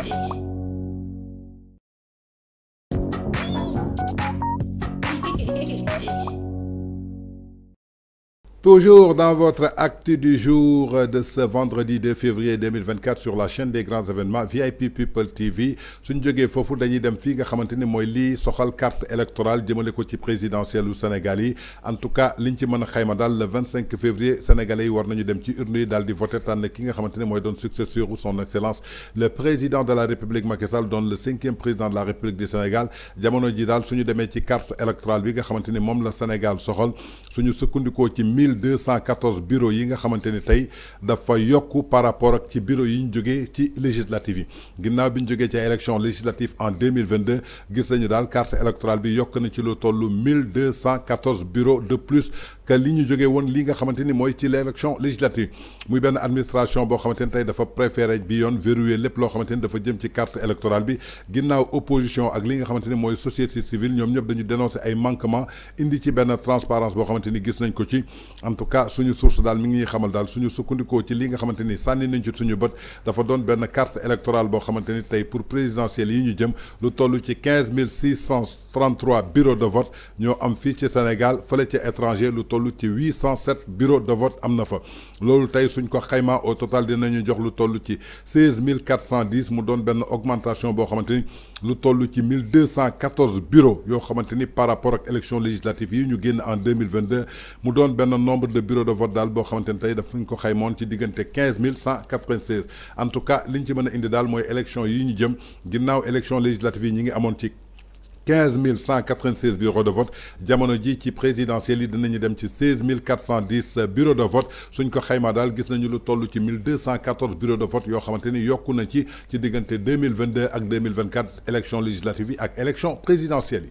Thank you. Toujours dans votre acte du jour de ce vendredi 2 février 2024 sur la chaîne des grands événements VIP People TV suñ jógee foofu dañuy dem fii nga carte électorale jëmale ko ci présidentielle du Sénégal en tout cas liñ ci le 25 février sénégalais yi war nañu dem ci urne yi di successeur ou son excellence le président de la république Macky Sall le cinquième président de la république du Sénégal jamono ji daal suñu ci carte électorale bi nga xamante la Sénégal soxal suñu sukkandikoo ci 1214 bureaux yi nga xamanteni tay yokku par rapport ak ci bureau yi ñu jógee ci législative ginnaw bi ci élection législative en 2022, dans le gis nañu carte électorale bi yokk na ci lu tollu bureaux de plus que li ñu jógee woon li nga xamanteni ni ci l'élection législative muy ben administration bo xamanteni tay dafa préféré bi yoon verrouiller lepp lo xamanteni dafa jëm ci carte électorale bi ginnaw opposition ak li nga xamanteni moy société civile ñom ñep dañu dénoncer ay manquement indi ci ben transparence bo xamanteni gis nañ ko ci en tout cas suñu source d'almini mi ngi xamal dal suñu sukkandikoo ci li nga xamanteni sanni nañ ci suñu bët dafa don ben carte électorale bo xamanteni tay pour présidentielle yi ñu jëm lu tollu ci 15633 bureaux de vote ño am fi ci Sénégal fele ci étranger lu 807 bureaux de vote en fa loolu une suñ ko au total dinañu jox lu tollu ci 16410 410 mu augmentation bo xamanteni l'outil lu tollu ci 1214 bureaux yo xamanteni par rapport ak élection législative yi ñu génn en 2022 mu nombre de bureaux de vote dal bo xamanteni tay daf ñu ko xaymoon ci en tout cas liñ ci mëna indi dal moy élection yi ñu jëm ginnaw élection législative yi ñi ngi ci. 15196 bureaux de vote jamono qui ci présidentiel yi dem 16410 bureaux de vote suñ ko xeyma dal gis nañu lu 1214 bureaux de vote yo xamanteni yokku a ci ci en 2022 ak 2024 élections législatives et élections présidentielles.